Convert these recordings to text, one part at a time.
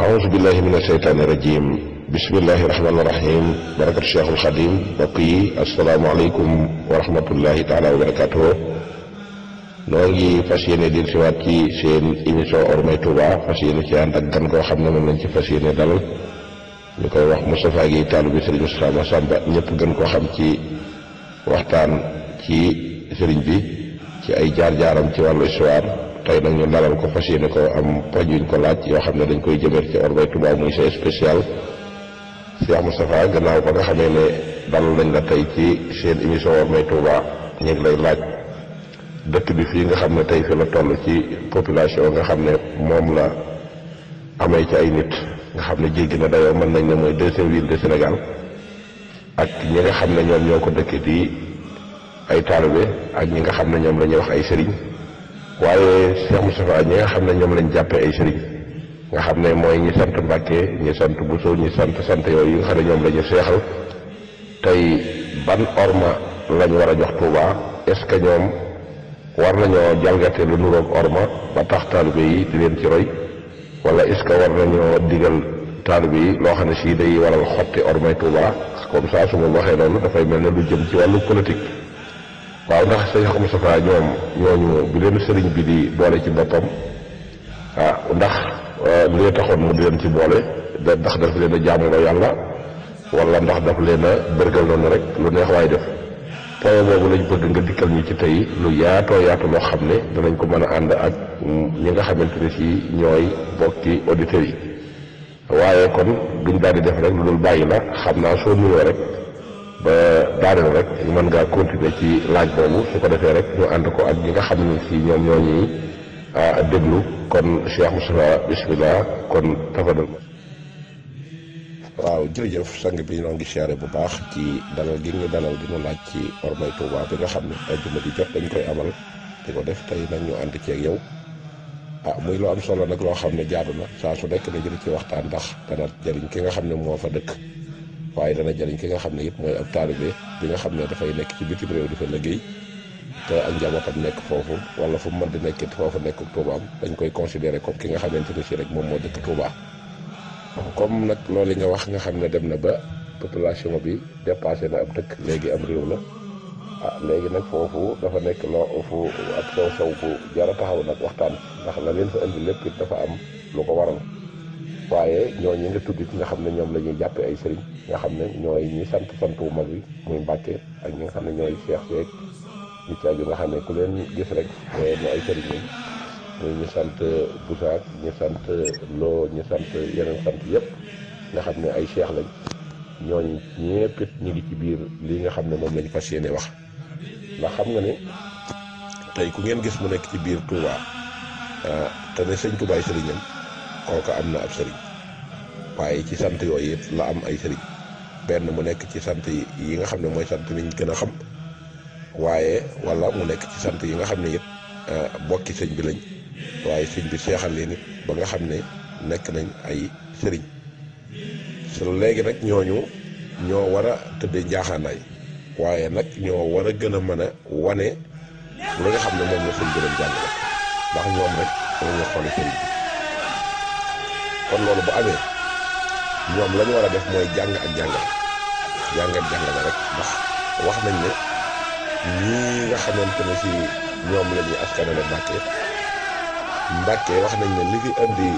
aouzu billahi min asheytaani rajim bismillahi rahmaani rahim barakatu cheikhul xadim mbokk yi asalaamaaleykum wa rahmatullahi taala wa barakatuho noo ngi fas yéene di siwaat ci seen émission Hormay Touba fas yéene ci ànd ak gan koo xam ne moom lañ ci fas yéene dalal ñu koy wax Moustapha Gueye taalu bi Serigne Moustapha Massamba ñëpp gën koo xam ci waxtaan ci sëriñ bi ci ay jaar-jaaram ci wàllu histoire tey nag ñu dalal ko fas ko am poj ko laaj yoo xam ne dañ koy jëmale ci mu Touba muy sa spécial Cheikh Moustapha gannaaw ba nga xamee ne dalal nañ la tey ci seen émission Orgay Touba ñu ngi lay laaj dëkk bi fii nga xam ne tey fi la toll ci population nga xam ne moom la amee ci ay nit nga xam ne jéggi na dayoo mën nañ ne mooy deuxième ville de Sénégal ak ñi nga xam ne ñoom ñoo ko dëkk di ay taalibe ñi nga xam ne ñoom la wax ay sëriñ. waaye Cheikh Moustapha ñi nga xam ne ñoom lañu jàppee ay sëriñ nga xam ne mooy ñi sant Mbàkke ñi sant soo ñi sant sant yooyu yi nga xam ne ñoom la seexal tey ban orma lañ war a jox Touba est-ce que ñoom war nañoo jalgate lu nuroog orma ba tax taalibe yi di leen ci roy wala est-ce que war nañoo digal taalibe yi loo xam ne sii day waral xotti ormay Touba comme ça su ma waxee noonu dafay mel ne lu jëm ci wàllu politique. waaw ndax sëñ Axmadu Mustafaa ñoom ñooñu bi leen sëriñ bi di boole ci boppam ah ndax euh, li taxoon mu di leen ci boole da ndax daf leen a jaamuloo yàlla wala ndax daf leen a bërgal noonu rek lu neex waaye def point boobu lañ bëgg nga dikkal ñu ci tey lu yaatoo yaatu loo xam ne danañ ko mën a ànd ak ñi nga xamante ne si ñooy bokki auditeurs yi waaye kon duñ daal di def rek lu dul bàyyi la xam naa soo nuyoo rek ba daaneel rek ñu mën ngaa continuer ci laaj boobu su ko defee rek ñu ànd ko ak gi nga xam ne si ñoom ñoo ñuy déglu kon Cheikh Moustapha bismillah kon tafadal ma waaw jërëjëf sang bi ñoo ngi siyaare bu baax ci dalal gi ñu dalal di laaj ci ormay Touba bi nga xam ne ajjuma di jot dañ koy amal di ko def tey nag ñu ànd ceeg yow ah muy lu am solo nag loo xam ne jaatu na saa su nekk ne jël ci waxtaan ndax dana jëriñ ki nga xam ne moo fa dëkk waaye dana jëriñ ki nga xam ne it mooy ab taalibe bi nga xam ne dafay nekk ci bitim réew di fa liggéey te ak njabootam nekk foofu wala fu mu mën di nekkit foofu nekk Toubaam dañ koy considéré comme ki nga xamante ni si rek moom moo dëkk Touba. comme nag loolu nga wax nga xam ne dem na ba population bi dépassé na dëkk léegi am réew la ah léegi nag foofu dafa nekk loo fu ab sow sow jar a taxaw nag waxtaan ndax la leen fa indi lépp dafa am lu ko waral. waaye ñoo nga tudd nga xam ne ñoom la ñuy jàppe ay sëriñ nga xam ne ñooy ñi sant sant wu mag bi muy Mbàkke ak ñi nga xam ne ñooy Cheikh Seck ñi ci aju nga xam ne ku leen gis rek ñu ay sëriñ lañ ñu sant Boussard ñu sant ñu sant yeneen sant yëpp nga xam ne ay Cheikh lañ ñooñu ñëpp it ñu ngi ci biir lii nga xam ne moom lañu fas yéene wax ndax xam nga ni tey ku ngeen gis mu nekk ci biir Touba ah, te ne sëñ Touba ay sëriñam kooka am na ab sëriñ waaye ci sant yooyu it la am ay sëriñ benn mu nekk ci sant yi nga xam ne mooy sant niñ gën a xam waaye walla mu nekk ci sant yi nga xam ne it eh, bokki sëñ bi lañ waaye sëñ bi seexal leen it ba nga xam ne nekk nañ ay sëriñ su léegi nag ñooñu ñoo war a tëddee njaaxaanaay waaye nag ñoo war a gën a mën a wane li nga xam ne moom la sëñ bi doon jàngale ndax ñoom rek dañoo xool sëriñ kon loolu bu amee ñoom la war a def mooy jàng ak jàngal jàng ak rek ndax wax nañ ne ñii nga xamante ne si ñoom la ñuy askanale Mbàkke Mbàkke wax nañ ne li fi indi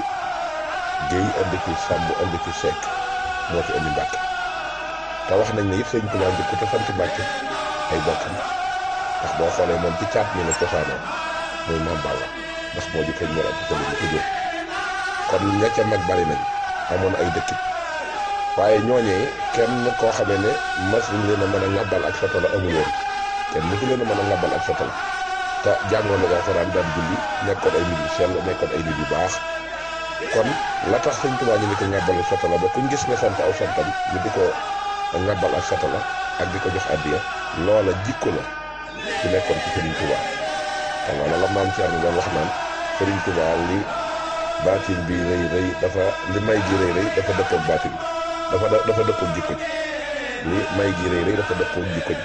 Géy indi ci Sàmb indi ci Seck moo fi indi Mbàkke te wax nañ ne it sëñ Tuubaa njëkk te sant Mbàkke ay bokkam ndax boo xoolee moom ci caat mi la cosaanoo muy Maam Balla ndax moo jëkk ñu war a am ci kon ña ca mag bari nañ amoon ay dëkkit waaye ñooñee kenn koo xamee ne mas ñu leen a mën a ŋàbbal ak la amul woon kenn mësu leen a mën a ŋàbbal ak satala te jàngoon na alxuraan daan julli nekkoon ay nit yu sell nekkoon ay nit yu baax kon la tax Sëñ Tuubaa ñu ni ko ŋàbbal ak satala ba gis nga sant aw santam ñu di ko ŋàbbal ak satala ak di ko jox addiya loola jikko la ci nekkoon ci Sëriñ Tuubaa te loola la maam Thierno doon wax naan Sëriñ Tuubaa li baatin bi rëy rëy dafa li may gi rëy rëy dafa dëppoon baatin dafa dafa dëppoon jikko ji li may gi rëy rëy dafa dëppoon jikko ji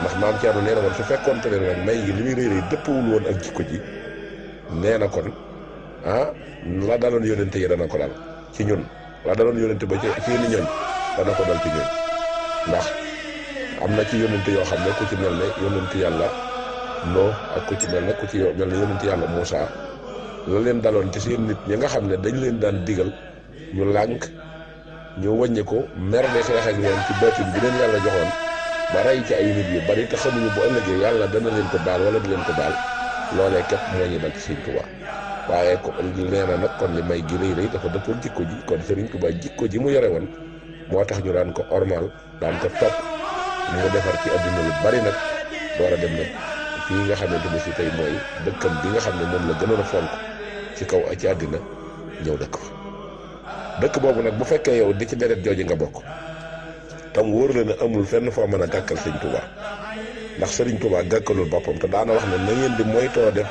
ndax maam Thierno nee na woon su fekkoon te ne rek may gi li muy rëy rëy dëppawul woon ak jikko ji nee na kon ah la daloon yónente yi dana ko dal ci ñun la daloon yónente ba ci seeni ñoñ dana ko dal ci ñoñ ndax am na ci yónente yoo xam ne ku ci mel ne yónente yàlla Nuux ak ku ci mel ne ku ci mel ne yónente yàlla Muusaa la leen daloon ci seen nit ñi nga xam ne dañ leen daan digal ñu lànk ñu wàññi ko mer de xeex ak ñoom ci baatin bi leen yàlla joxoon ba rey ci ay nit yu bari te xamuñu bu ëllëgee yàlla dana leen ko daal wala du leen ko daal loolee képp moo ñu dal ci Sëriñ Tuubaa waaye ko nee na nag kon li may gi rëy rëy dafa dëppoon jikko ji kon Sëriñ Tuubaa jikko ji mu yore woon moo tax ñu daan ko ormal daan ko topp ñu nga defar ci adduna lu bari nag door a dem nag nga xamante ne si tey mooy dëkkam bi nga xam ne moom la gënoon a fonk ci kaw ci àddina ñëw dëkk fa dëkk boobu nag bu fekkee yow di ci deret jooju nga bokk tam wóor la ne amul fenn foo mën a gàkkal sëñ Touba ndax sëriñ Touba gàkkalul boppam te daana wax ne na ngeen di moytoo def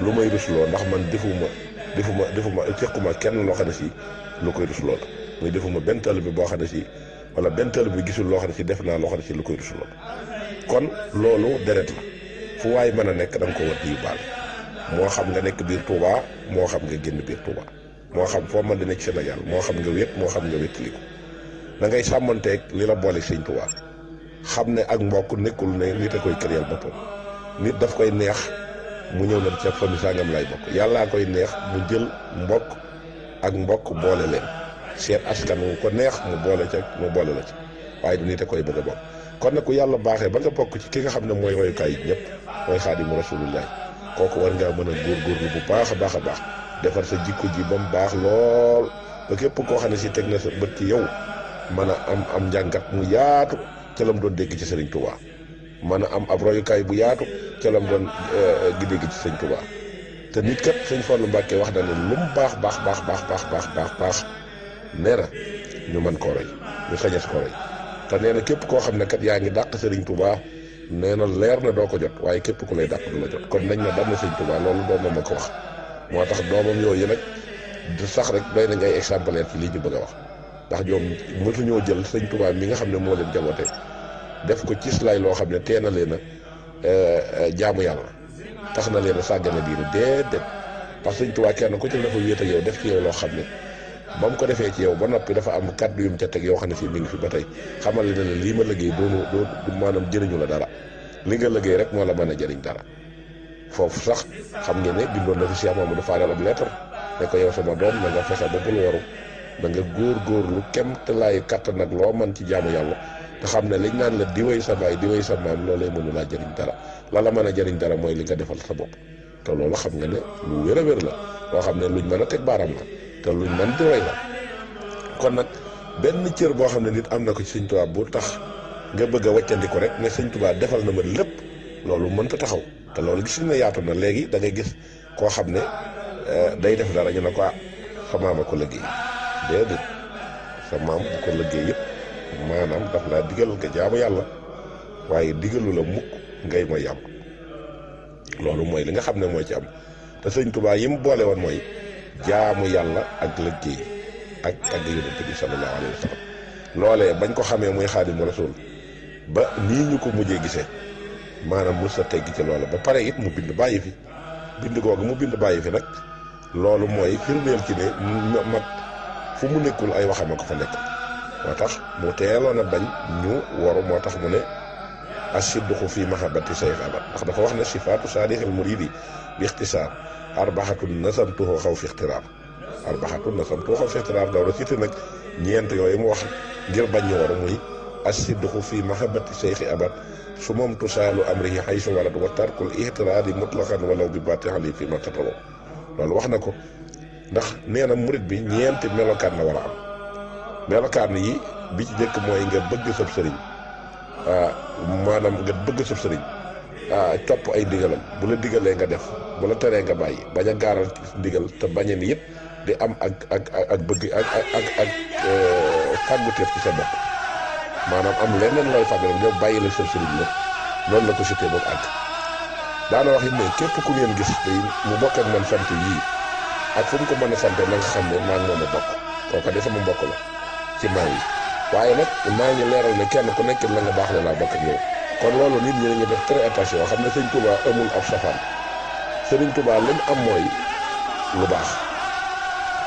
lu may rusloo ndax man defuma defuma defuma fekkuma kenn loo xam ne si lu koy rusloo la muy defuma benn tëll bi boo xam ne si wala benn tëll bi gisul loo xam ne si def naa loo ne si lu koy rusloo kon loolu deret la fu waay mën a nekk da nga ko war moo xam nga nekk biir Touba moo xam nga génn biir Touba moo xam foo mën di nekk Sénégal moo xam nga wét moo xam nga wétaliku da ngay sàmmanteeg li la boole sëñ Touba xam ne ak mbokk nekkul ne nit a koy këréel boppam nit daf koy neex mu ñëw na ca famille sangam lay bokk yàllaa koy neex mu jël mbokk ak mbokk boole leen seet askan wu ko neex mu boole ca mu boole la ci waaye du nit a koy bëgg a kon nag ku yàlla baaxee ba nga bokk ci ki nga xam ne mooy royukaay yi ñëpp mooy xaadimu rasulullah kooku war ngaa mën a góorgóorlu bu baax a baax a baax defar sa jikko ji ba mu baax lool ba képp koo xam ne si teg na sa bët ci yow mën a am am njàngat mu yaatu cëlam doon dégg ci sëriñ Touba mën a am ab bu yaatu ca lam doon gi eh, dégg ci sëriñ Touba te nit kat sëñ Fallou Mbacke wax na ne lu mu baax baax baax baax baax baax baax baax nee na ñu mën koo roy ñu sañas koo roy te nee képp koo xam ne kat yaa ngi dàq sëriñ Touba. nee na leer na doo ko jot waaye képp ku lay dàq du la jot kon nañ ma dama sëñ Tuubaa loolu doomam ma ko wax moo tax doomam yooyu nag du sax rek doy nañ ay exemplaire ci lii ñu bëgg wax ndax ñoom mësuñoo jël sëñ Tuubaa mi nga xam ne moo leen jaboote def ko cislaay loo xam ne tee na leen a euh, euh, jaamu yàlla tax na leen sàggana sàggane biiru déedéet parce que sëñ Tuubaa kenn ku ci dafa wéet ak yow def ci yow loo xam ne ba mu ko defee ci yow ba noppi dafa am kàddu yum ca teg yoo xam ne si mi ngi fi ba tey xamal ne ne lii ma liggéey doonu doo maanaam jëriñu la dara li nga liggéey rek moo la mën a jariñ dara foofu sax xam ngeen ne bindoon na fi Cheikh Mamadou Fadal ab lettre ne ko yow sama doom na nga fexe ba bul waru na nga góor-góorlu kemtalaayu kàttan ak loo man ci jaamu yàlla xam ne liñ naan la di way sa baay di way sa maam loolee mënu laa jëriñ dara la mën a jëriñ dara mooy li nga defal sa bopp te loolu xam nga ne lu wér a wér la loo xam ne luñ mën a teg baaram la te luñ mën di roy la kon nag benn cër boo xam ne nit am na ko ci sëñ Tuubaa bu tax nga bëgg a wàccandiku rek ne sëñ Tuubaa defal na ma lépp loolu mënta taxaw te loolu gis na yaatu na léegi dangay ngay gis koo xam ne euh, day def dara ñu ne ko ah, sa maama ko liggéey déedéet sa maam bu ko liggéey yëpp maanaam daf laa digal nga jaamu yàlla waaye digalu la mukk ngay mooy yàlla loolu mooy li nga xam ne moo ci am te sëñ Tuubaa yi mu boole woon mooy. jaamu yàlla ak lëggéey ak ak yonent bi sallallahu alayhi wa loolee bañ ko xamee muy xaadimu rasul ba nii ñu ko mujjee gisee maanaam mos a teg ci loola ba pare it mu bind bàyyi fi bind googu mu bind bàyyi fi nag loolu mooy firndeel ci ne mag fu mu nekkul ay waxam a ko fa nekk moo tax mu teeloon a bañ ñu waru moo tax mu ne asidduxu fi mahabbati sayxaba ndax dafa wax ne sifaatu saadixil muridi bi ixtisaar arbaxatun nasamtuhu xaw fi ixtiraar arbaxatun nasamtuhu xaw fi ixtiraar daw la cité nag ñeent yooyu mu wax ngir bañ ñu war a muy asidduxu fi mahabbati seyxi abad su moom tusaalu amrihi xaysu walad wa tarkul ixtiraari mutlaqan walaw bi batixali fi ma xatawo loolu wax na ko ndax nee na murit bi ñeenti melokaan la war a am melokaan yi bi ci njëkk mooy nga bëgg sab sëriñ ah, maanaam nga bëgg sab sëriñ topp ay ndigalam bu la digalee nga def bu la teree nga bàyyi bañ a gaaral ndigal te bañe ni yépp di am ak ak ak bëgg ak ak ak fàgguteef euh, ci sa bopp maanaam am leneen looy fàggu ñoom bàyyi la sa sëriñ la noonu la ko sutee boobu àgg daana wax it ne képp ku ngeen gis te mu bokk ak man sant yii ak fu mu ko mën a sante na nga xam ne maa ngi moom a bokk de sama mbokk ci maa waaye nag maa ngi leeral ne kenn ku nekk la nga baax la laa bokk ak kon loolu nit ñi dañuy def très attention xam ne sëñ Touba amul ab safaan sëriñ Touba li mu am mooy lu baax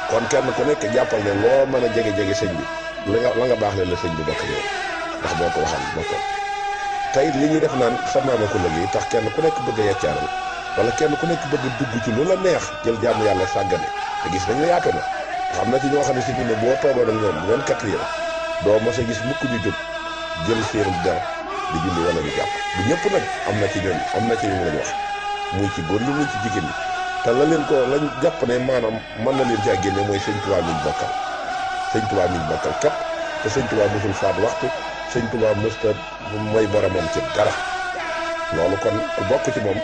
kon kenn ku nekk jàppal ne loo mën a jege jege sëñ bi la nga la nga baax leen la sëñ bi bokk yow ndax boo ko waxal bokk tey li ñuy def naan sa maama ko lëg yi tax kenn ku nekk bëgg a yeccaaral wala kenn ku nekk bëgg dugg ci lu la neex jël jaamu yàlla sàggane te gis nañ la na xam na ci ñoo xam ne si biir ne boo toogoon ak ñoom ñoom kat yi doo mos a gis mukk ñu jóg jël seen dara. di julli wala di jàpp du ñëpp nag am na ci ñooñ am na ci ñu lañ wax muy ci góor ñi muy ci jigéen ñi te la leen ko lañ jàpp ne maanaam mën na leen caa génne mooy sëñ Tuubaa miñ bokkal sëñ Tuubaa miñ bokkal képp te sëñ Tuubaa mosul faat waxtu sëñ Tuubaa mësta mooy boromam ci dara loolu kon ku bokk ci moom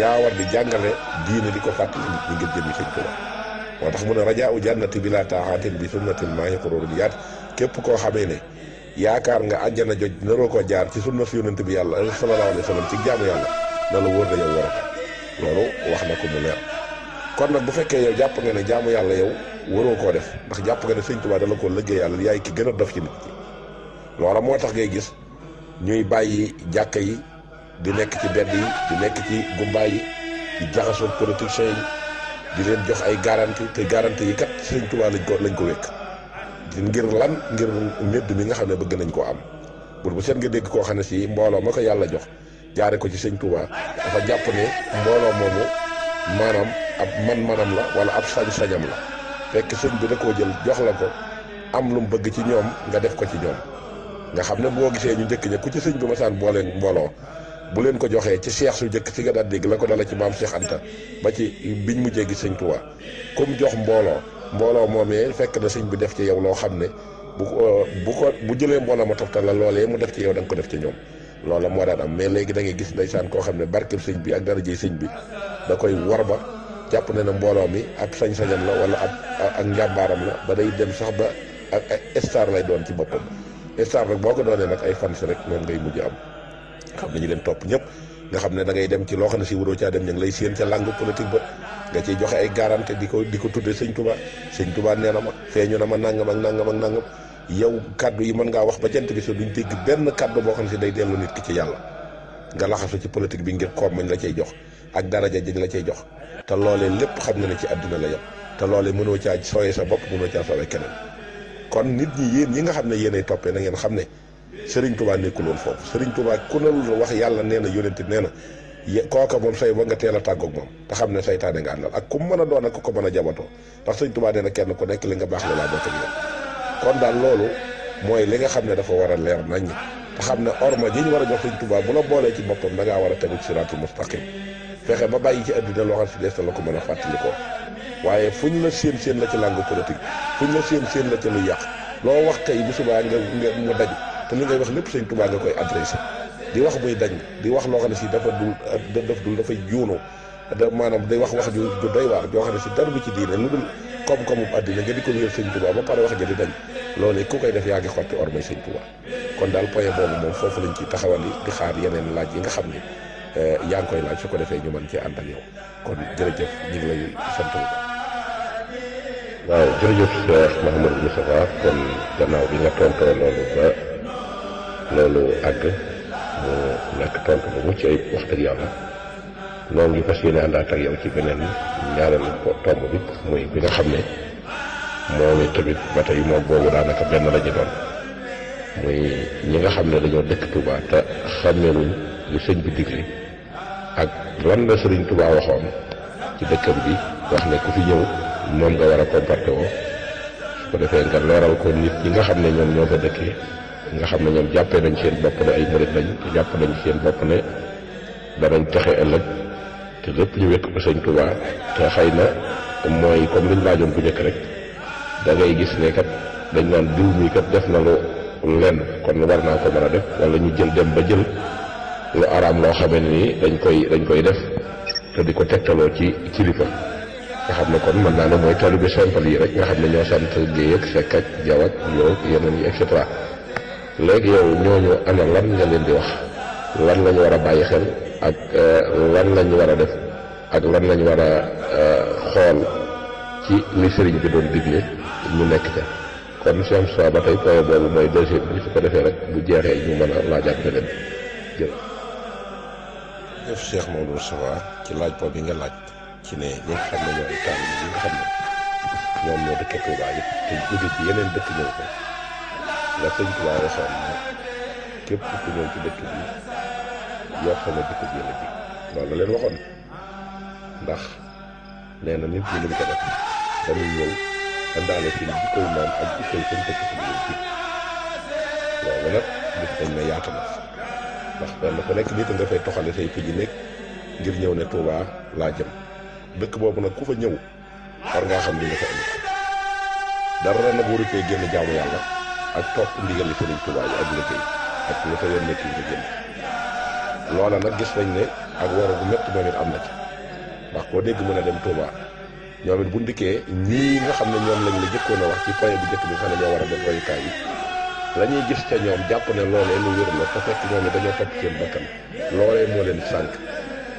yaa war di jàngale diine di ko fàttali nit ñi ngir jëmi sëñ Tuubaa moo tax mu ne rajaa u jannati bi laa taaxaatin bi sunnatil maahi xuróorul yaat képp koo xamee ne yaakaar nga àjjana joj naroo ko jaar ci sunna su yonent bi yàlla sallallahu alayhi wa sallam ci jaamu yàlla na la wóor na yow war a ko loolu wax na ko mu leer kon nag bu fekkee yow jàpp nga ne jaamu yàlla yow waroo koo def ndax jàpp nga ne sëñ Tuubaa da la ko lëggee yàlla yaay ki gën a dof ci nit ki loola moo tax ngay gis ñuy bàyyi jàkk yi di nekk ci bedd yi di nekk ci gumbaay yi di jaxasoo politiciens yi di leen jox ay garanti te garanti yi kat sëñ Tuubaa lañ ko lañ ko wékk ngir lan ngir médd mi nga xam ne bëgg nañ koo am bur bu seen nga dégg koo xam ne si mbooloo ma ko yàlla jox jaare ko ci sëñ Touba dafa jàpp ne mbooloo moomu maanaam ab man-manam la wala ab sañ-sañam la fekk sëñ bi da koo jël jox la ko am lu mu bëgg ci ñoom nga def ko ci ñoom nga xam ne boo gisee ñu njëkk ña ku ci sëñ bi saan boo leen mbooloo bu leen ko joxee ci seex su njëkk si nga daal dégg la ko dala ci maam Seex Anta ba ci biñ mujjee gi sëñ Touba comme jox mbooloo mbooloo moomee fekk na sëñ bi def ci yow loo xam ne bu euh, bu ko bu jëlee mbooloo ma toftal la loolee mu def ci yow da ko def ci ñoom loola moo daan am mais léegi dangay ngay gis ndeysaan koo xam ne barkeb sëñ bi ak darajey sëñ bi da koy war ba jàpp ne na mbooloo mi ak sañ-sañam la wala ab ak njàmbaaram la ba day dem sax ba ak ay lay doon ci boppam star rek boo ko doonee nag ay fans rek moom ngay mujj am xam ñu leen topp ñëpp nga xam ne da ngay dem ci loo xam ne si waroo caa dem ñu ngi lay séen ca langue politique ba nga ciy joxe ay garantie di ko di ko tuddee sëñ Touba sëñ Touba nee na ma feeñu na ma nangam ak nangam ak nangam yow kaddu yi mën ngaa wax ba jant bi so duñ dégg benn kaddu boo xam ne si day dellu nit ki ci yàlla nga laxasu ci politique bi ngir koom mañ la cay jox ak daraja jiñ la cay jox te loolee lépp xam na ne ci àddina la yem te loolee mënoo caa sooyee sa bopp mënoo caa sooyee keneen kon nit ñi yéen ñi nga xam ne yéenay toppee na ngeen xam ne Serigne Touba nekkul woon foofu Serigne Touba ku ne wax yàlla nee na yónente nee na kooka moom say ba nga teel a tàggoog moom te xam ne saytaane nga àndal ak ku mën a doon ak ku ko mën a jabatoo ndax sëñ Tuubaa nee na kenn ku nekk li nga mooy li nga xam ne dafa war a leer nañ te xam ne orma ji ñu war a jox sëñ bu la boolee ci boppam da war a tegu ci siraatul mustaqim fexe ba bàyyi ci àddina loo xam si des la ko mën a fàttalikoo waaye fu ñu la séen séen la ci langue politique fu ñu la séen séen la ci lu yàq loo wax tey bu subaa nga nga mu daj te li ngay wax lépp sëñ Tuubaa nga koy adressé di wax muy dañ di wax loo xam ne si dafa dul daf dul dafay juunu da maanaam day wax wax ju doy waar joo xam ne si dara du ci diine lu dul koom-koomu àddina nga di ko wéyal sëñ Tuubaa ba pare wax ja di dañ loolee ku koy def yaa ngi xotti or may sëñ Tuubaa kon daal point boobu moom foofu lañ ci taxawal di xaar yeneen laaj yi nga xam ne eh, yaa ngi koy laaj su ko defee ñu mën cee ànd ak yow kon jërëjëf ñu ngi lay sant bu baax. waaw jërëjëf Cheikh Mouhamadou Moustapha kon gannaaw bi nga tontoo loolu ba loolu àgg. mu nekk tontu bu mucc ayib wax dëgg yàlla noo ngi fas yéene àndaat ak yow ci beneen ñaareel tomb bi muy bi nga xam ne moom tamit ba tey moom boobu daanaka benn la doon muy ñi nga xam ne dañoo dëkk Touba te xàmmeeluñ lu sëñ bi digle ak lan la sëriñ tubaa waxoon ci dëkkam bi wax ne ku fi ñëw moom nga war a comporté su ko defee nga leeral ko nit ñi nga xam ne ñoom ñoo fa dëkkee. nga xam ne ñoom jàppee nañ seen bopp ne ay murit lañ jàpp nañ seen bopp ne danañ texe ëllëg te lépp ñu wekk ko sëñ Tuubaa te xëy na mooy comme liñ laajoon bu njëkk rek dangay gis ne dañ naan diw mi kat def na lu lenn kon war naa ko mën a def wala ñu jël dem ba jël lu araam loo xamee ni dañ koy dañ koy def te di ko tegtaloo ci kilifa nga xam ne kon man naa ne mooy taalibe simple yi rek nga xam ne ñoo sant Géey ak Sekk ak Jaw ak Lo cetera léegi yow ñooñu ana lan nga leen di wax lan lañu war a bàyyi xel ak euh, lan lañu war a def ak lan lañu war a euh, xool ci li sëriñ bi doon digle ñu nekk ca kon si am soo ba tey point boobu mooy deuxième bi ko defee rek bu jeexee ñu mën a laajaat beneen jël def Cheikh ci laaj boobu bi nga laaj ci ne ñi xam ne ñooy taal yi nga xam yi te jóge ci yeneen dëkk ñëw ko la sëñ ci dëkk bi loolu leen waxoon ndax nee na nit ñi luñ ko def dañuy ñëw àndaale seen maam ak jikkoy seen dëkk bi lañ ji loolu nag gis nañ ne yaatu na ndax benn ku nekk nit nga fay toxale say piji nekk ngir ñëw ne Tuubaa laa jëm dëkk boobu nag ku fa ñëw war ngaa xam li nga fa indi dara nag waru cee génn jaamu yàlla. ak topp ndigal li Sëriñ Tuubaa yi ak lu tey ak lu sa nag gis nañ ne ak waro bu métti moom am na ci ndax koo dégg mën a dem Touba ñoom bu ndikkee ñii nga xam ne ñoom lañ la jëkkoon a wax ci point bu jëkk bi xam ne war a def royukaay yi la ñuy gis ca ñoom jàpp ne loolee lu wér la te fekk dañoo topp seen bakkan loolee moo leen sànq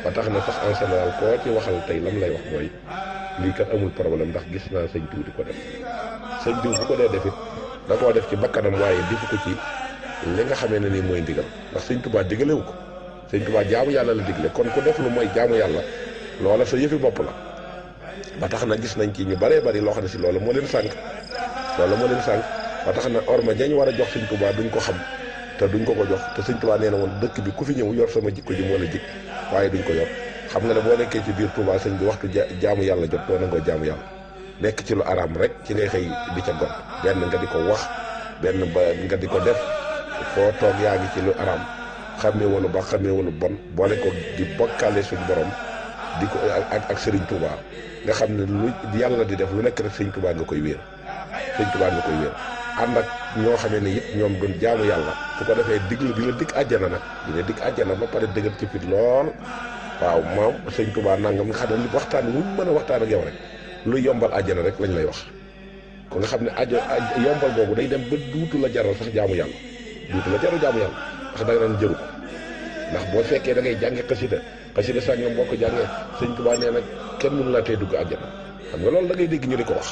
ba tax na sax en général koo ci waxal tey lam lay wax mooy lii kat amul problème ndax gis naa sëñ diw di ko def sëñ diw bu ko dee def da koo def ci bakkanam waaye defu ko ci li nga xamee ne nii mooy ndigal ndax sëñ Tuubaa digalewu ko sëñ Tuubaa jaamu yàlla la digle kon ku def lu mooy jaamu yàlla loola sa yëfi bopp la ba tax na gis nañ ci ñu baree bari loo xam ne si loolu moo leen sànq loolu moo leen sànq ba tax na orma jañ war a jox sëñ Tuubaa duñ ko xam te duñ ko ko jox te sëñ Tuubaa nee na woon dëkk bi ku fi ñëw yor sama jikko ji moo la jik waaye duñ ko yor xam nga ne boo nekkee ci biir Tuubaa sëñ bi waxtu jaamu yàlla jot doo nangoo jaamu yàlla nekk ci lu araam rek ci ngay xëy bi ca gon benn nga di ko wax benn ba nga di ko def foo toog yaa ngi ci lu araam xamee wala ba xamee wala bon boole ko di bokkaale suñu borom di ko ak ak Serigne Touba nga xam ne lu yàlla di def lu nekk rek Serigne Touba nga koy wéer Serigne Touba nga koy wéer ànd ak ñoo xamee ne it ñoom doon jaamu yàlla su ko defee digg bi la dikk àjjana nag di la dikk àjjana ba pare dëgër ci fit lool waaw moom Serigne Touba nangam nga xam ne waxtaan wu mën a waxtaan yow rek. luy yombal àjjana rek lañ lay wax ko nga xam ne àjj yombal boobu day dem ba duutu la jaral sax jaamu yàlla duutu la jaral jaamu yàlla ndax da nga jëru ko ndax boo fekkee da ngay jànge xasida xasida sàngam boo ko jàngee sëñ Tuubaa nee nag kenn mënu laa tey dugg àjjana xam nga loolu dangay ngay dégg ñu di ko wax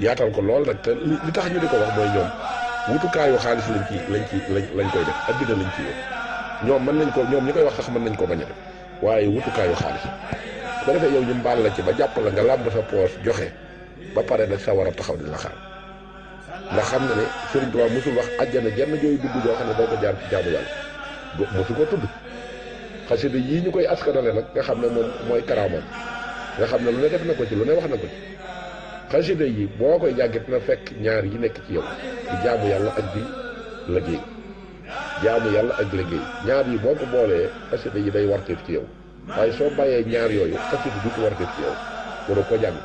yaatal ko lool nag te li tax ñu di ko wax mooy ñoom wutukaayu xaalis lañ ci lañ ci lañ koy def addina lañ ci yoon ñoom mën nañ ko ñoom ñu koy wax sax mën nañ ko bañ a waaye wutukaayu xaalis ko defee yow ñu mbaal la ci ba jàpp la nga làmb sa poos joxe ba pare nag sa war a taxaw di la xaar ndax xam na ne Sëriñ Tuubaa mosul wax àjjana jenn jooy dugg joo xam ne doo ko jaar ci jaamu yàlla mosu ko tudd xasida yii ñu koy askanale nag nga xam ne moom mooy karaamam nga xam ne lu ne def na ko ci lu ne wax na ko ci xasida yi boo koy jàggit na fekk ñaar yi nekk ci yow di jaamu yàlla ak ji liggéey jaamu yàlla ak liggéey ñaar yi boo ko boolee xasida yi day warteef ci yow waaye soo bàyyee ñaar yooyu xasida du ko war def ci yow waroo ko jàng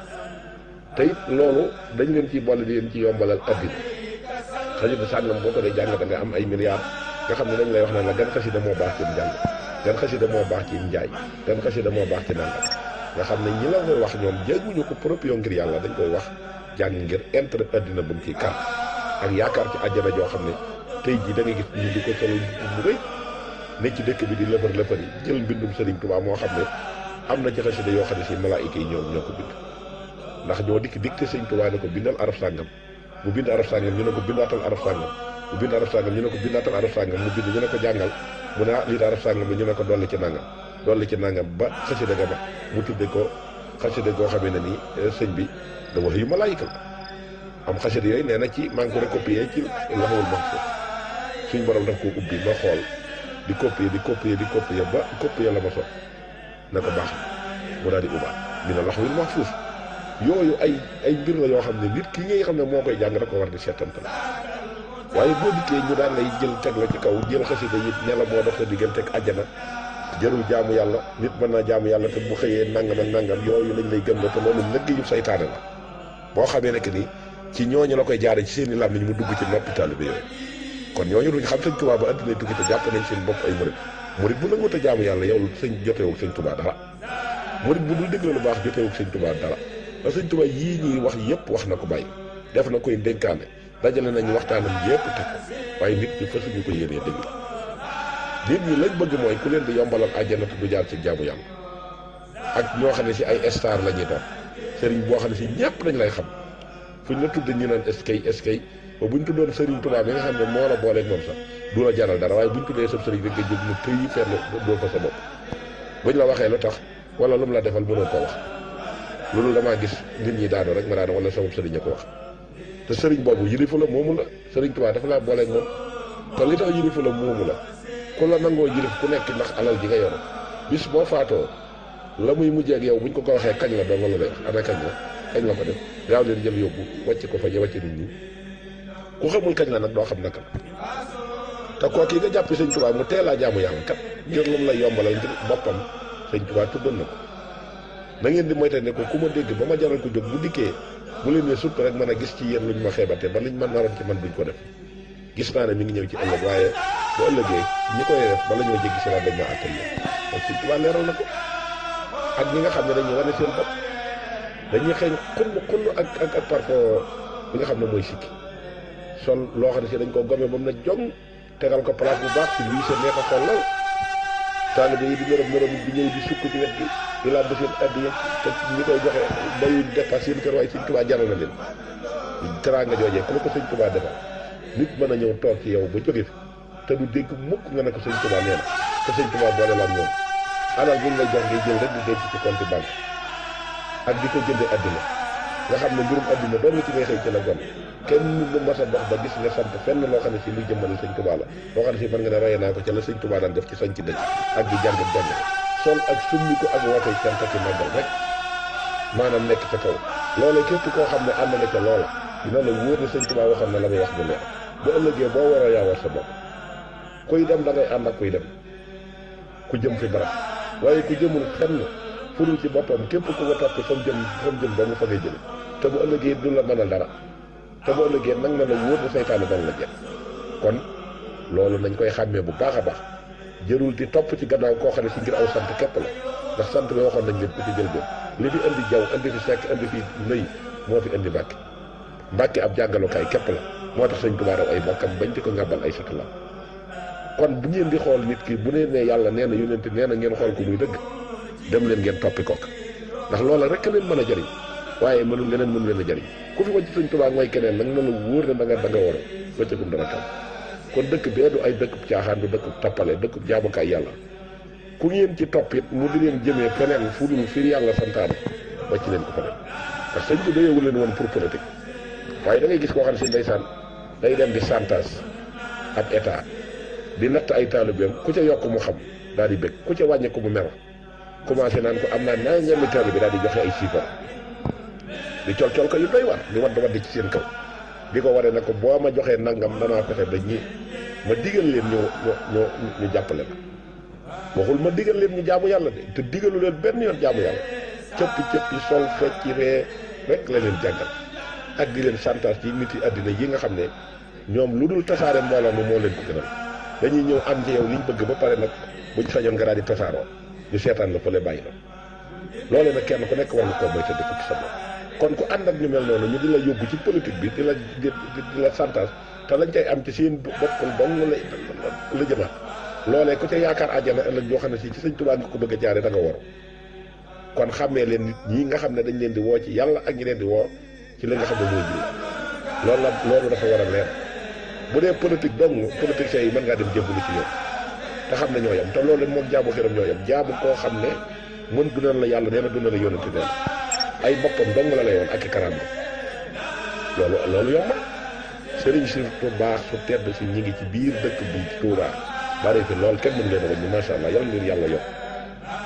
te loolu dañ leen ciy boole di leen ci yombalal addina xasida sàngam boo ko dee jàng da nga am ay milliards nga xam ne dañ lay wax naan la gan xasida moo baax ci njàng gan xasida moo baax ci njaay gan xasida moo baax ci nangam nga xam ne ñi la koy wax ñoom jéeguñu ko proprio ngir yàlla dañ koy wax jàng ngir intérêt addina buñ ciy kar ak yaakaar ci àjjana joo xam ne tey jii da nga gis ñu di ko solo bu rëy ne ci dëkk bi di lëfër lëfër yi jël mbindum Serigne Touba moo xam ne am na ci xasida yoo xam ne si malaayika yi ñoom ñoo ko bind ndax ñoo dikk dikte Serigne Touba ne ko bindal araf sàngam mu bind araf sàngam ñu ne ko bindaatal araf sàngam mu bind araf sàngam ñu ne ko bindaatal araf sàngam mu bind ñu ne ko jàngal mu ne ah lii araf sàngam la ñu ne ko dolli ci nangam dolli ci nangam ba xasida ga ba mu tudde ko xasida goo xam ne nii eh, sëñ bi da wax yu malaayika la am xasida yooyu nee na ci maa ngi ko recopier ci laxawul ma borom daf ko ubbi ma xool di copier di copier di copier ba copier la ma sot na ko baax mu daal di ubaat mi ne laxwil mahfuus yooyu ay ay mbir la yoo xam ne nit ki ngay xam ne moo koy jàng da ko war di seetantal waaye boo dikkee ñu daan lay jël teg la ci kaw jël xasida yi ne la moo dox sa diggante ak àjjana jarul jaamu yàlla nit mën naa jaamu yàlla te bu xëyee nangam ak nangam yooyu lañ lay gëm la te loolu lëggéeyu saytaane la boo xamee nekk nii ci ñooñu la koy jaare ci seen i làmmiñ mu dugg ci noppi taalibe yooyu kon ñooñu duñ xam sëñ Tuubaa ba àddina tukki te jàpp nañ seen bopp ay murit murit bu nanguwut a jaamu yàlla yow sëñ jotewul sëñ Tuubaa dara murit bu dul déglu lu baax jotewul sëñ Tuubaa dara da sëñ Tuubaa yii ñuy wax yëpp wax na ko bàyyi def na koy dénkaane dajale nañu waxtaanam yëpp teg ko waaye nit ñi fasuñu ko yéenee déglu nit ñi lañ bëgg mooy ku leen di yombalal àjjana te du jaar ci jaamu yàlla ak ñoo xam ne si ay star la ñuy doon sëriñ boo xam ne si ñëpp dañ lay xam fuñ la tudd ñu naan eskay eskay ba buñ tuddoon Serigne bi nga xam ne moo la booleeg moom sax du la jaral dara waaye buñ tuddee sab Serigne rek nga jóg mu pëyi ferle dool fa sa bopp buñ la waxee lu tax wala lu mu la defal mënoon koo wax la maa gis nit ñi daanu rek ma daanu wala sama Serigne ko wax te Serigne boobu yilifu la moomu la Serigne Touba dafa laa booleeg moom te li tax yilifu la moomu la ku la nangoo yilif ku nekk ndax alal ji nga yor bis boo faatoo la muy mujjee ak yow buñ ko ko waxee kañ la doon la day wax ana kañ la kañ ko def gaaw leen jël yóbbu wàcc ko fa ñu wàcc nit ñi ku xamul kañ la nag doo xam naka la te kooku yi nga jàpp sëñ Tuubaa mu teelaa jaamu yàlla kat ngir lu la lay yombalal ngir boppam sëñ Tuubaa tuddoon na ko na ngeen di moyte ne ko ku ma dégg ba ma jaral ko jóg bu dikkee bu leen ne supp rek mën a gis ci yéen ñu ma xeebate ba liñ ma naroon ci man duñ ko def gis naa ne mi ngi ñëw ci ëllëg waaye bu ëllëgee ñi koy def bala ñoo jéggi si laa dañ ma àttal kon sëñ Tuubaa leeral na ko ak ñi nga xam ne dañuy wane seen bopp dañuy xeeñ xunn xunn ak ak ak parfum bi nga xam ne mooy sikki sol loo xam ne si dañ koo gome moom na jong tegal ko place bu baax si lii sa neex a xool lool taalibe yi di ñërëm ñërëm bi ñëw di sukk ci wet gi di laaj ba seen addiya te ñi koy joxe bayu dépasse seen kër waaye sëñ Tuubaa jaral na leen teraanga joojee ku la ko sëñ Tuubaa defal nit mën a ñëw toog ci yow ba jóge fi te du dégg mukk nga ne ko sëñ Tuubaa nee na te sëñ Tuubaa boole la moom alal bu ñu lay jox ngay jël rek di denc ci compte banque ak di ko nga xam ne mbirum adduna doon ci ngay xëy ci la gon kenn lu mas a dox ba gis nga sant fenn loo xam ne si luy jëmmal sëñ Tuubaa la loo xam ne si mën nga ne raye naa ko ca la sëñ Tuubaa daan def ci sañ ci dëkk ak di jàng benn sol ak summi ko ak wootee cant ak màggal rek maanaam nekk ca kaw loola képp koo xam ne ànd na loola dina la wóor ne sëñ Tuubaa waxoon na la muy wax bu leer bu ëllëgee boo waroo yaawar sa bopp kuy dem da ngay ànd ak kuy dem ku jë fi barab waaye ku jëmul fenn furul ci boppam képp ku ko topp fa mu ba fa ngay te bu ëllëgee du la mënal dara te bu ëllëgee nag na la wóor ne seytaane dana la jël kon loolu nañ koy xàmmee bu baax a baax jërul di topp ci gannaaw koo xam ne si ngir aw sant képp la ndax sant bi waxoon nañ leen ku ci jël boobu li fi indi jaw indi fi sekk indi fii nuy moo fi indi mbàkke mbàkke ab jàngalukaay kepp la moo tax sëñ Tuubaa ay bokkam bañ di ko ngàbbal ay satalam kon bu ngeen di xool nit ki bu nee ne yàlla nee na yonent nee na ngeen xool ko muy dëgg dem leen ngeen toppi kook ndax loola rek leen mën a jëriñ waaye mënul leneen mënu leen a jariñ ku fi wàcc sëñ Tuubaa mooy keneen nag na la wóor ne da nga da nga war a wàccagum kon dëkk bee du ay dëkkub caaxaan du dëkkub tappale dëkkub jaamukaay yàlla ku ngeen ci topp it mu di leen jëmee feneen fu dul fi yàlla santaane wàcc leen ko feneen parce que sëñ bi doyewu leen woon pour politique waaye da ngay gis koo xam ne si ndeysaan day dem di santaas ak état di natt ay taalibeem ku ca yokk mu xam daal di bëgg ku ca wàññi ko mu mer commencé am naa naa ngeen taalibe daal di joxe ay chiffres di col col ko yu doy war di wadd wadd ci seen kaw di ko waree ne ko boo ma joxee nangam danaa fexe ba ñi ma digal leen ñu ñu jàppale ma waxul ma digal leen ñu jaamu yàlla de te digalu leen benn yoon jaamu yàlla cëppi cëppi sol fecc ree rek la leen jàngal ak di leen santaas ci nit yi àddina yi nga xam ne ñoom lu dul tasaare mbooloo mi moo leen ko gënal dañuy ñëw am ci yow liñ bëgg ba pare nag buñ sañoon nga daal di tasaaroo ñu seetaan la fële bàyyi la loole nag kenn ku nekk war na koo moytandiku sa kon ku ànd ak ñu mel noonu ñu di la yóbbu ci politique bi di la di di la santage te lañ cay am ci seen bopp dong la la jëmaat loolee ku ca yaakaar àjjana ëllëg yoo xam ne si ci sëñ Tuubaa nga ko bëgg a jaare da nga waru kon xàmmee leen nit ñi nga xam ne dañ leen di woo ci yàlla ak ñi leen di woo ci li nga xam ne mooy julli loolu la loolu dafa war a leer bu dee politique dong politiciens yi mën ngaa dem jébbalu ci ñoom te xam ne ñoo yam te loolu moom jaamu xiram ñoo yam jaamu koo xam ne mën duna la yàlla nee na duna la yónnante nee ay boppam dong la layoon ak i karam loolu loolu yomb sëriñ si bu baax su tedd si ñi ngi ci biir dëkk bi Touba bari fi lool kenn mën leen a ñu macha allah yal na yàlla yokk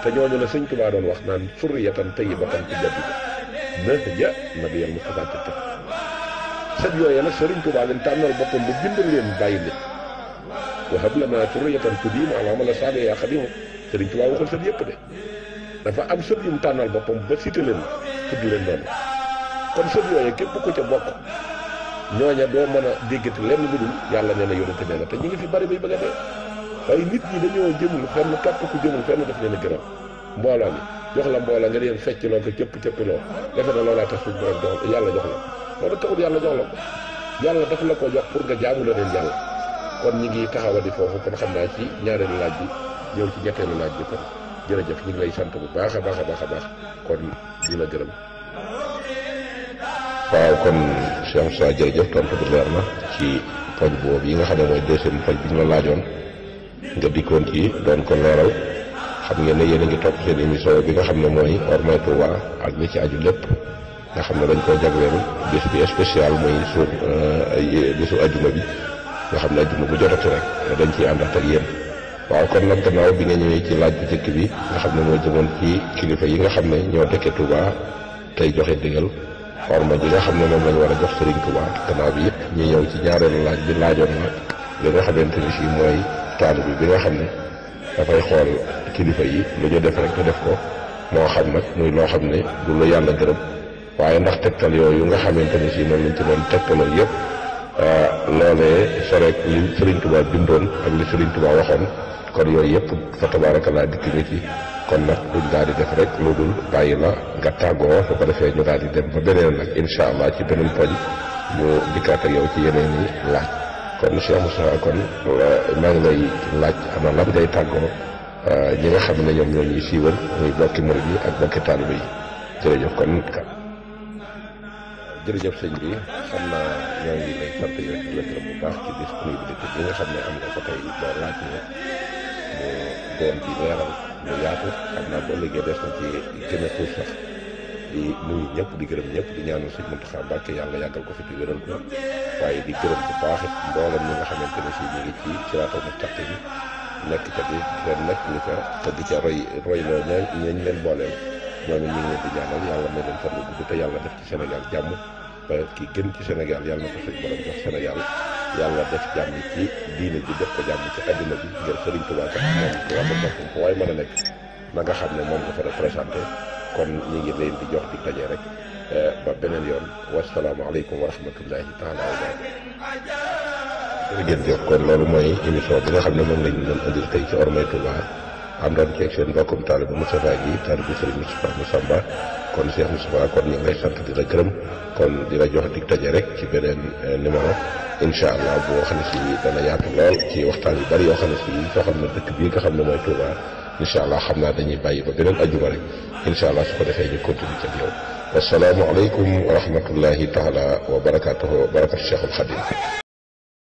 te ñooñu la sëñ Touba wax naan furriyatan tayyibatan ci jaddi na ja nabiyal Mustafa ci tëb sët yooyee nag sëriñ Touba leen tànnal boppam bu bindal leen bàyyi nit wahab lanaa furriyatan tudiimu al amala sëriñ Touba waxul sët yëpp de dafa am sët yu mu tànnal boppam ba cité leen biiral leen kon sëb yooyu képp ku ca bokk ñooña doo mën a déggati lenn lu dul yàlla nee na yonente nee na te ñu ngi fi bari bay bëgg a dee waaye nit ñi dañoo jëmul fenn képp ku jëmul fenn daf leen a gërëm mbooloo mi jox la mbooloo nga leen fecc loo ko cëpp cëppiloo defe na loolaa tax suñu borom yàlla jox la loolu taxul yàlla jox la ko yàlla daf la ko jox pour nga jaamu la leen yàlla kon ñi ngi taxawal di foofu kon xam naa ci ñaareelu laaj bi ñëw ci ñetteelu laaj bi jërëjëf ñu ngi sant bu baax a baax a baax a baax kon di la gërëm. waaw kon Cheikh Moussa jërëjëf tontu bi na ci poñ boobu yi nga xam ne mooy deuxième poñ bi ñu la nga xam ngeen ne yéen ngi topp seen émission bi nga xam ne mooy Hormay Touba ak li ci aju lépp nga xam ne dañ koo jagleel bés bi spécial mooy suuf euh, ay ajuma bi nga xam ne ajuma bu jotati rek dañ ciy àndaat ak yéen. waaw kon nag gannaaw bi nga ñëwee ci laaj bi njëkk bi nga xam ne moo jëmoon ci kilifa yi nga xam ne ñoo dëkke Touba tey joxe digal forma ji nga xam ne moom lañ war a jox Serigne Touba gannaaw bi yëpp ñu ñëw ci ñaareelu laaj bi laajoon li nga xamante ni fii mooy taalibe bi nga xam ne dafay xool kilifa yi lu ñu def nga def ko moo xam nag muy loo xam ne du lu yàlla gërëm waaye ndax tegtal yooyu nga xamante ni fii moom lañ ci doon tegtaloo yëpp. Euh, loolee soreek li Serigne Touba bindoon ak li Serigne Touba waxoon kon yooyu yëpp fa tabaarakallaa dikk nga ci kon nag duñ daal di def rek lu dul bàyyi la nga tàggoo su ko defee ñu daal di dem ba beneen nag incha allah ci beneen poñ ñu dikkaat ak yow ci yeneen i laaj kon Cheikh Moussa kon euh, maa ngi lay laaj ana lan ngay tàggoo euh, ñi nga xam ne ñoom ñoo ñuy siiwal muy bokki murid yi ak bokki taalibe yi jërëjëf kon jërëjëf sëñ bi xam naa ñoo ngi lay sant yow bu baax ci disponibilité bi nga xam ne am nga ko tey ba laaj ñu mu doon ci leeral yaatu xam naa boo liggéey des na ci gën a tuur sax di nuyu ñëpp di gërëm ñëpp di ñaanal yàlla yàggal ko fi di di gërëm bu baax it nga xamante ne si ñu ngi ci siraatal mustaqiim bi nekk ca di te nekk ni ca te di ca roy roy loo ñañ leen booleel ñooñu ñu ngi leen di ñaanal yàlla may leen fan bu gudd te yàlla def ci Sénégal jàmm période ki gën ci Sénégal yàlla na ko suñ borom jox Sénégal yàlla def jàmm ci diine ji def ko jàmm waay mën a nekk xam ne moom nga fa kon ñi ngi jox di daje rek eh, ba beneen yoon wasalaamaaleykum wa rahmatullahi taala wa barakatu jërëjëf kon loolu mooy émission bi nga xam ne moom lañ doon indil tey ci Ormay Touba àndoon ceeg seen mbokkum taalibu Moustapha ji taalibu Serigne Moustapha Massamba kon Cheikh Moustapha kon ñu ngi lay sant di la gërëm kon di la jox dig daje rek ci beneen eh, numéro incha allah boo xam ne si dana yaatu lool ci waxtaan yu bari yoo xam ne si foo xam ne dëkk bii nga xam ne mooy Touba incha allah xam naa dañuy bàyyi ba beneen ajuma rek incha allah su ko defee ñu continue ci yow. wasalaamualeykum wa rahmatullahi taala wa barakaatuhu barakat Cheikhul Khadim